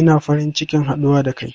Ina farin cikin haɗuwa da kai.